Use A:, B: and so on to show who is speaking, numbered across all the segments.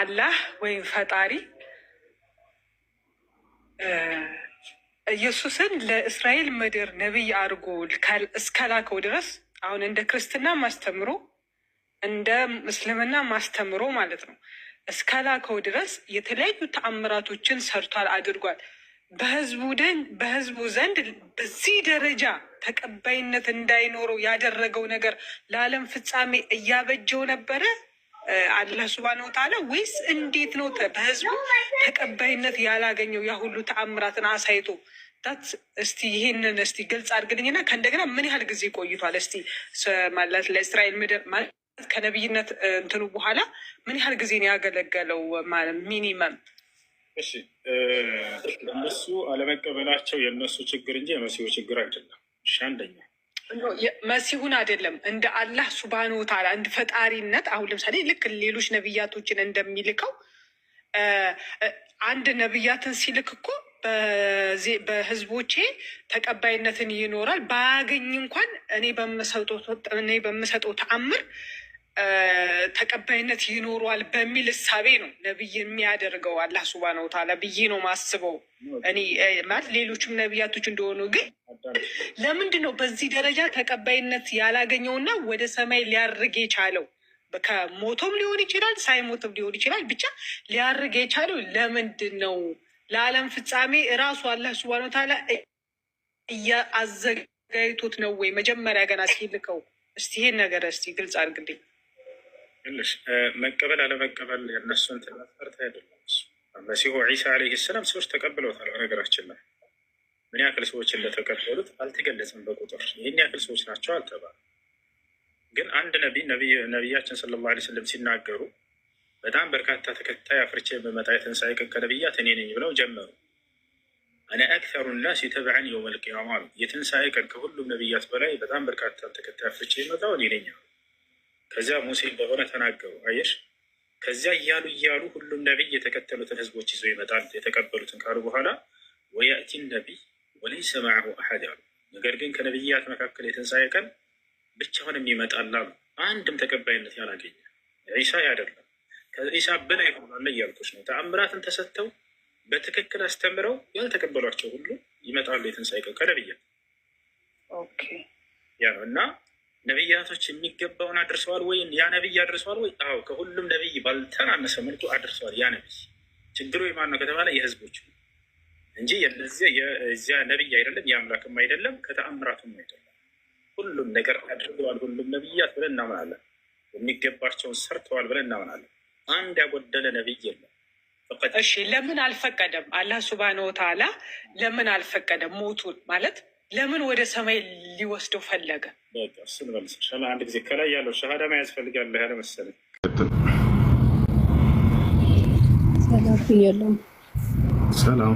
A: አላህ ወይም ፈጣሪ ኢየሱስን ለእስራኤል ምድር ነቢይ አድርጎ እስከላከው ድረስ አሁን እንደ ክርስትና ማስተምሮ እንደ እስልምና ማስተምሮ ማለት ነው እስከላከው ድረስ የተለያዩ ተአምራቶችን ሰርቷል አድርጓል። በህዝቡ ደን በህዝቡ ዘንድ በዚህ ደረጃ ተቀባይነት እንዳይኖረው ያደረገው ነገር ለዓለም ፍጻሜ እያበጀው ነበረ። አላህ ሱብሃነሁ ወተዓላ ወይስ እንዴት ነው በህዝቡ ተቀባይነት ያላገኘው? ያ ሁሉ ተአምራትን አሳይቶ እስቲ ይህንን እስቲ ግልጽ አድርግልኝና ከእንደገና ምን ያህል ጊዜ ቆይቷል? እስቲ ማለት ለእስራኤል ምድር ማለት ከነብይነት እንትኑ በኋላ ምን ያህል ጊዜ ነው ያገለገለው? ሚኒመም
B: እሺ፣ እነሱ አለመቀበላቸው የእነሱ ችግር እንጂ የመሲሁ ችግር አይደለም። እሺ አንደኛ
A: መሲሁን አይደለም እንደ አላህ ሱብሃነ ወተዓላ እንደ ፈጣሪነት አሁን ለምሳሌ ልክ ሌሎች ነብያቶችን እንደሚልከው አንድ ነብያትን ሲልክ እኮ በህዝቦቼ ተቀባይነትን ይኖራል ባያገኝ እንኳን እኔ በምሰጠው ተአምር ተቀባይነት ይኖረዋል በሚል እሳቤ ነው ነብይ የሚያደርገው አላህ ሱብሃነ ወተዓላ ብዬ ነው ማስበው እኔ ማለት ሌሎችም ነብያቶች እንደሆኑ ግን ለምንድን ነው በዚህ ደረጃ ተቀባይነት ያላገኘውና ወደ ሰማይ ሊያርግ የቻለው? ከሞቶም ሊሆን ይችላል፣ ሳይሞትም ሊሆን ይችላል። ብቻ ሊያርግ የቻለው ለምንድን ነው? ለዓለም ፍጻሜ እራሱ አላህ ሱብሃነ ወተዓላ እያዘጋጅቶት ነው ወይ? መጀመሪያ ገና ሲልከው እስቲ ይሄን ነገር እስቲ ግልጽ
B: አድርግልኝ። ትንሽ መቀበል አለመቀበል የእነሱን ትናፈርት አይደለም። መሲሁ ዒሳ ዓለይሂ ሰላም ሰዎች ተቀብለውታል በነገራችን ላይ ምን ያክል ሰዎች እንደተቀበሉት አልተገለጽም በቁጥር ይህን ያክል ሰዎች ናቸው አልተባለም። ግን አንድ ነቢይ ነቢያችን ሰለላሁ ዐለይሂ ወሰለም ሲናገሩ በጣም በርካታ ተከታይ አፍርቼ በመጣ የትንሣኤ ቀን ከነቢያት እኔ ነኝ ብለው ጀመሩ። አነ አክተሩ ናስ የተብዐን የውም ቂያማ አሉ። የትንሣኤ ቀን ከሁሉም ነቢያት በላይ በጣም በርካታ ተከታይ አፍርቼ የመጣው እኔ ነኝ አሉ። ከዚያ ሙሴ በሆነ ተናገሩ። አየሽ ከዚያ እያሉ እያሉ ሁሉም ነቢይ የተከተሉትን ህዝቦች ይዘው ይመጣል የተቀበሉትን ካሉ በኋላ ወያእቲን ነቢይ ወለይሰ መዐሁ አሐድ አሉ። ነገር ግን ከነቢያት መካከል የትንሣኤ ቀን ብቻውን የሚመጣላ አንድም ተቀባይነት ያላገኘ ዒሳ አይደለም። ከዒሳ በላይ ሆናለ እያልኩሽ ነው። ተአምራትን ተሰጥተው በትክክል አስተምረው ያልተቀበሏቸው ሁሉ ይመጣሉ የትንሣኤ ቀን ከነቢያት ያ ነው እና ነቢያቶች የሚገባውን አድርሰዋል ወይም ያ ነቢይ አድርሰዋል ወይ? አዎ ከሁሉም ነቢይ ባልተናነሰ መልኩ አድርሰዋል ያ ነቢይ። ችግሩ የማን ነው ከተባለ የህዝቦች ነው እንጂ የዚያ ነቢይ አይደለም የአምላክም አይደለም ከተአምራቱም አይደለም። ሁሉም ነገር አድርገዋል፣ ሁሉም ነቢያት ብለን እናምናለን። የሚገባቸውን ሰርተዋል ብለን እናምናለን። አንድ ያጎደለ ነቢይ የለም።
A: እሺ፣ ለምን አልፈቀደም? አላህ ሱብሃነሁ ወተዓላ ለምን አልፈቀደም? ሞቱን ማለት ለምን ወደ ሰማይ ሊወስደው
B: ፈለገ? አንድ ጊዜ ከላይ ያለው ሸሃዳ መያዝ ፈልጋለሁ ያለ መሰለኝ
C: ሰላም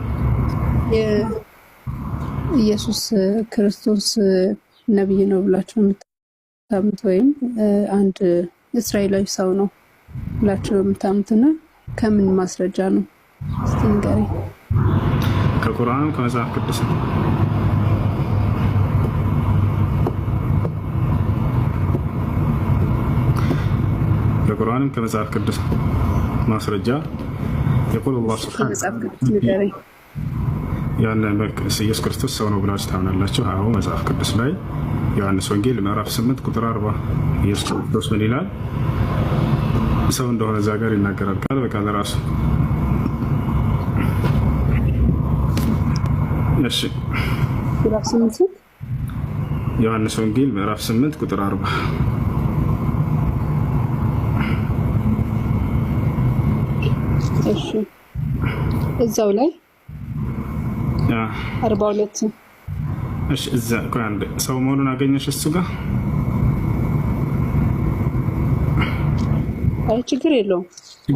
D: ኢየሱስ ክርስቶስ ነቢይ ነው ብላችሁ የምታምት ወይም አንድ እስራኤላዊ ሰው ነው ብላችሁ የምታምትና ከምን ማስረጃ ነው? እስቲ ንገሪኝ።
C: ከቁርአን ከመጽሐፍ ቅዱስ ነው። ከቁርአንም ከመጽሐፍ ቅዱስ ማስረጃ የቁል ላ ያለን ኢየሱስ ክርስቶስ ሰው ነው ብላችሁ ታምናላችሁ? አዎ መጽሐፍ ቅዱስ ላይ ዮሐንስ ወንጌል ምዕራፍ 8 ቁጥር 40 ኢየሱስ ክርስቶስ ምን ይላል? ሰው እንደሆነ እዛ ጋር ይናገራል። ቃል በቃል ራሱ። እሺ ዮሐንስ ወንጌል ምዕራፍ 8 ቁጥር 40
D: እሺ እዛው ላይ አርባ ሁለት
C: እሺ፣ እዛ ሰው መሆኑን አገኘሽ እሱ ጋር
D: አይ ችግር የለውም።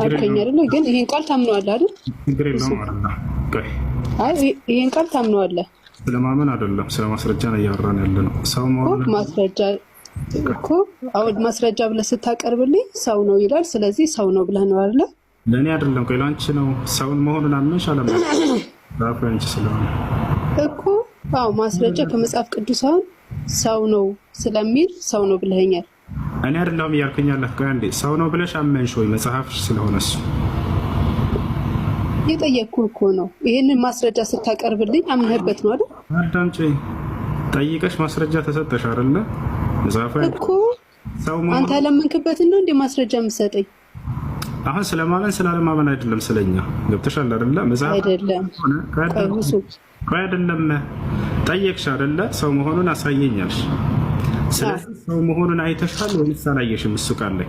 D: አልከኝ አይደለ? ግን ይሄን ቃል ታምነዋለህ አይደል?
C: ችግር የለውም አይደል?
D: አይ ይሄን ቃል ታምነዋለህ።
C: ስለማመን አይደለም ስለ ማስረጃ ነው እያወራን ያለ ነው። ሰው መሆኑን
D: ማስረጃ እኮ አሁን ማስረጃ ብለህ ስታቀርብልኝ ሰው ነው ይላል። ስለዚህ ሰው ነው ብለህ ነው አይደለ? ለእኔ አይደለም ቆይ፣ ለአንቺ ነው።
C: ሰውን መሆኑን አመንሽ አለመ ፍሬንች ስለሆነ እኮ
D: አዎ፣ ማስረጃ ከመጽሐፍ ቅዱስ አሁን ሰው ነው ስለሚል ሰው ነው ብለኛል።
C: እኔ አይደለሁም እያልኩኝ ያለህ ቆይ አንዴ፣ ሰው ነው ብለሽ አመንሽ ወይ መጽሐፍ ስለሆነ እሱ የጠየቅኩህ እኮ
D: ነው። ይህንን ማስረጃ ስታቀርብልኝ አምነህበት ነው አይደል? አዳምጪ።
C: ጠይቀሽ ማስረጃ ተሰጠሽ አይደለ? መጽሐፍ እኮ
D: አንተ ያላመንክበትን ነው እንደ ማስረጃ የምሰጠኝ አሁን
C: ስለማመን ስላለማመን አይደለም፣ ስለኛ ገብተሻል አይደለ? መጽሐፍ አይደለም ጠየቅሽ አይደለ? ሰው መሆኑን አሳየኛልሽ። ስለዚህ ሰው መሆኑን አይተሻል ወይስ አላየሽም? እሱ ቃል ላይ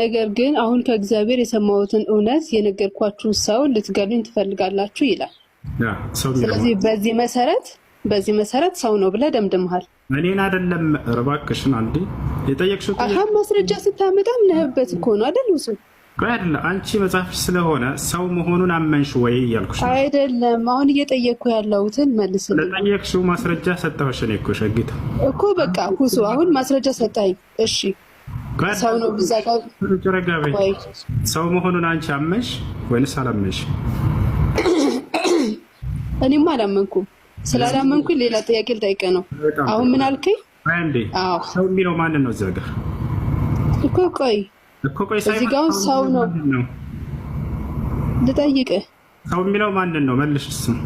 D: ነገር ግን አሁን ከእግዚአብሔር የሰማሁትን እውነት የነገርኳችሁን ሰው ልትገሉኝ ትፈልጋላችሁ ይላል። ስለዚህ በዚህ መሰረት በዚህ መሰረት ሰው ነው ብለህ ደምድመሃል።
C: እኔን አይደለም እባክሽን፣ አንዴ የጠየቅሽው
D: ማስረጃ ስታመጣ ምንህበት እኮ ነው አይደል? ውሱ አይደለም አንቺ
C: መጽሐፍ ስለሆነ ሰው መሆኑን አመንሽ ወይ እያልኩሽ አይደለም። አሁን እየጠየቅኩ ያለሁትን መልስ። ለጠየቅሽው ማስረጃ ሰጠሁሽ። እኔ እኮ ሸጊት እኮ በቃ ሁሱ፣ አሁን ማስረጃ ሰጠኝ። እሺ ሰው መሆኑን አንቺ አመሽ ወይንስ አላመሽ?
D: እኔማ አላመንኩም። ስላላመንኩ ሌላ ጥያቄ ልጠይቀ ነው። አሁን ምን አልከኝ? ሰው የሚለው
C: ማንን ነው? እዚያ ጋር እኮ ቆይ እኮ
D: ቆይ፣ እዚህ ጋር ሰው ነው ልጠይቀ።
C: ሰው የሚለው ማንን ነው? መልሽ። እሱን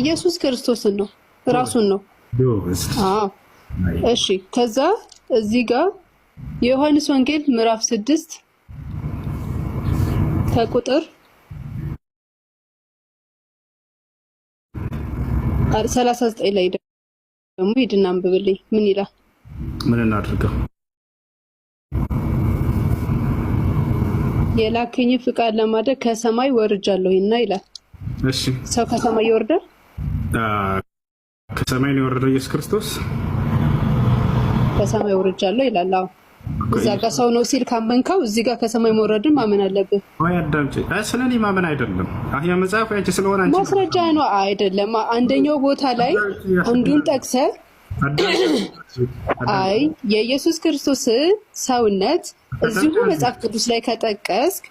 C: ኢየሱስ
D: ክርስቶስን ነው ራሱን ነው። እሺ፣ ከዛ እዚህ ጋር የዮሐንስ ወንጌል ምዕራፍ ስድስት ከቁጥር ሰላሳ ዘጠኝ ላይ ደግሞ ሂድና አንብብልኝ። ምን ይላል? ምን እናድርገው? የላከኝ ፍቃድ ለማድረግ ከሰማይ ወርጃለሁና ይላል። እሺ ሰው ከሰማይ ይወርዳል?
C: ከሰማይ ነው የወረደው ኢየሱስ ክርስቶስ።
D: ከሰማይ ወርጃለሁ ይላል። አዎ እዛ ጋ ሰው ነው ሲል ካመንከው እዚህ ጋር ከሰማይ መውረድን ማመን አለብህ። ስለ እኔ ማመን አይደለም
C: መጽሐፍ ያንቺ ስለሆነ ማስረጃ ነው አይደለም። አንደኛው
D: ቦታ ላይ አንዱን ጠቅሰ አይ የኢየሱስ ክርስቶስ ሰውነት እዚሁ መጽሐፍ ቅዱስ ላይ ከጠቀስክ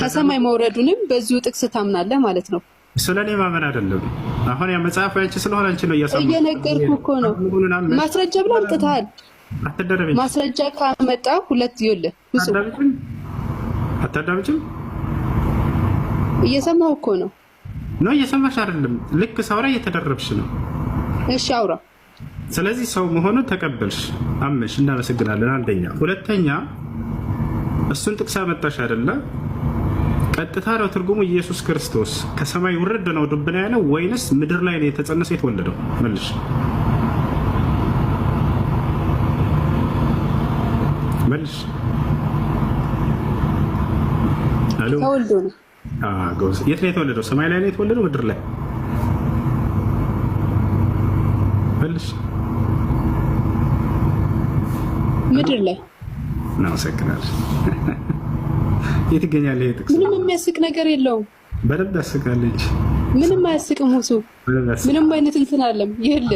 D: ከሰማይ መውረዱንም በዚሁ ጥቅስ ታምናለህ ማለት ነው። ስለ እኔ ማመን አይደለም። አሁን ያ መጽሐፍ ያንቺ ስለሆነ አንቺ ነው እያሳ እየነገርኩ እኮ ነው። ማስረጃ ብለህ አምጥተሃል። አትደረበኝ። ማስረጃ ካመጣ ሁለት ይወለ አታዳምጪም? እየሰማሁ እኮ ነው።
C: ነው እየሰማሽ አይደለም። ልክ ሳውራ እየተደረብሽ ነው። እሺ አውራ። ስለዚህ ሰው መሆኑን ተቀበልሽ፣ አመሽ። እናመሰግናለን። አንደኛ። ሁለተኛ እሱን ጥቅሳ መጣሽ አይደለ? ቀጥታ ነው ትርጉሙ። ኢየሱስ ክርስቶስ ከሰማይ ውረድ ነው ዱብና ያለው ወይንስ ምድር ላይ ነው የተጸነሰ የተወለደው? መልሽ መልስ የት ነው የተወለደው? ሰማይ ላይ ነው የተወለደው? ምድር ላይ መልስ። ምድር ላይ እናመሰግናለን።
D: የት ይገኛል? ይሄ ጥቅስ ምንም የሚያስቅ ነገር የለውም።
C: በደንብ ታስቃለች። ምንም
D: አያስቅም። ሁሱ ምንም አይነት እንትን አለም። ይህል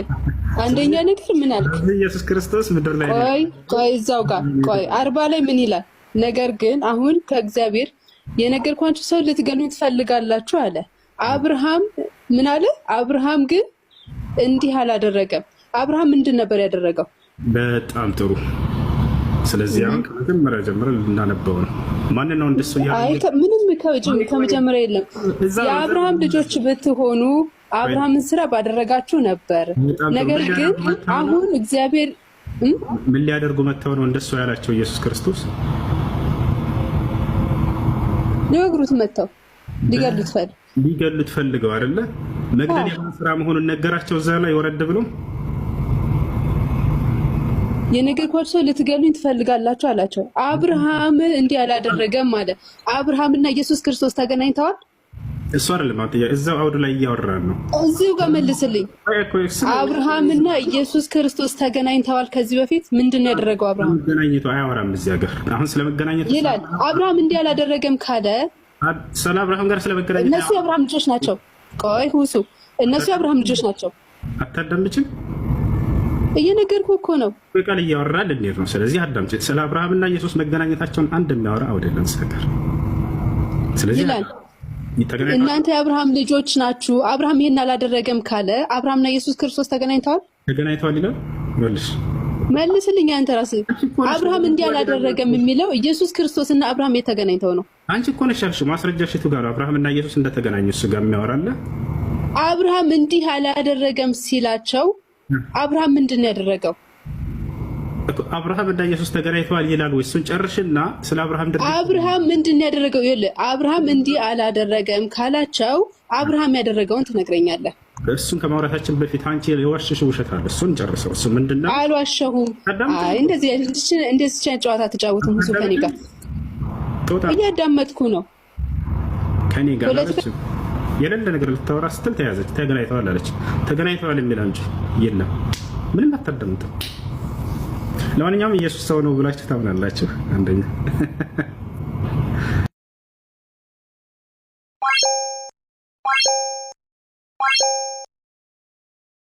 D: አንደኛ ነገር ምን አልክ? ኢየሱስ ክርስቶስ ምድር ላይ ቆይ ቆይ እዛው ጋር ቆይ፣ አርባ ላይ ምን ይላል? ነገር ግን አሁን ከእግዚአብሔር የነገርኳችሁ ሰው ልትገሉኝ ትፈልጋላችሁ አለ። አብርሃም ምን አለ? አብርሃም ግን እንዲህ አላደረገም። አብርሃም ምንድን ነበር ያደረገው? በጣም ጥሩ ስለዚህ አሁን
C: ከመጀመሪያ ጀምረ እንዳነበው ነው። ማንን ነው እንደሱ? ምንም ከመጀመሪያ የለም። የአብርሃም ልጆች ብትሆኑ
D: አብርሃምን ስራ ባደረጋችሁ ነበር። ነገር ግን አሁን እግዚአብሔር ምን ሊያደርጉ መጥተው ነው እንደሱ ያላቸው? ኢየሱስ ክርስቶስ ሊወግሩት መጥተው ሊገሉት ፈልገው አይደለ?
C: መግደል ስራ መሆኑን ነገራቸው እዛ ላይ ወረድ ብሎ
D: የነገር ኳርሶ ልትገሉኝ ትፈልጋላችሁ አላቸው። አብርሃም እንዲህ አላደረገም አለ። አብርሃምና ኢየሱስ ክርስቶስ ተገናኝተዋል። እሱ አይደለም
C: አጥያ እዛው አውዱ ላይ እያወራን ነው። እዚሁ ጋር መልስልኝ። አብርሃምና ኢየሱስ ክርስቶስ ተገናኝተዋል ከዚህ በፊት ምንድን ነው ያደረገው? አብርሃም መገናኘቱ አያወራም እዚህ ሀገር። አሁን ስለመገናኘት
D: ይላል። አብርሃም እንዲህ አላደረገም ካለ ስለ አብርሃም ጋር ስለመገናኘት እነሱ የአብርሃም ልጆች ናቸው። ቆይ ሁሱ፣ እነሱ የአብርሃም ልጆች ናቸው።
C: አታዳምጭም
D: እየነገርኩ እኮ ነው። በቃል እያወራ
C: ልንሄድ ነው። ስለዚህ አዳምጪ። ስለ አብርሃምና ኢየሱስ መገናኘታቸውን አንድ የሚያወራ አውደለን ስለቀር ስለዚህ
D: እናንተ የአብርሃም ልጆች ናችሁ። አብርሃም ይህን አላደረገም ካለ አብርሃምና ኢየሱስ ክርስቶስ ተገናኝተዋል ተገናኝተዋል ይላል። መልስ መልስልኝ አንተ ራስህ። አብርሃም እንዲህ አላደረገም የሚለው ኢየሱስ ክርስቶስ እና አብርሃም የተገናኝተው ነው። አንቺ እኮ ነሽ ያልሽው። ማስረጃሽ
C: የቱ ጋር ነው? አብርሃምና ኢየሱስ እንደተገናኙ እሱ ጋር የሚያወራለ አብርሃም እንዲህ አላደረገም ሲላቸው አብርሃም ምንድን ነው ያደረገው? አብርሃም እና ኢየሱስ ተገናኝተዋል ይላል ወይ? እሱን ጨርሽና ስለ አብርሃም አብርሃም ምንድን ነው ያደረገው? ይኸውልህ አብርሃም
D: እንዲህ አላደረገም ካላቸው አብርሃም ያደረገውን ትነግረኛለህ። እሱን ከማውራታችን በፊት አንቺ የዋሸሽ ውሸት አለ። እሱን ጨርሰው። እሱ ምንድን ነው? አልዋሸሁም። እንደዚህ እንደዚህ ጨዋታ ተጫወቱም። ብዙ ከኔ ጋር እያዳመጥኩ ነው ከኔ ጋር
C: የሌለ ነገር ልታወራ ስትል ተያዘች። ተገናኝተዋል አለች። ተገናኝተዋል የሚል እንጂ የለም ምንም አታደምጥም። ለማንኛውም ኢየሱስ ሰው ነው ብላችሁ ታምናላችሁ አንደኛ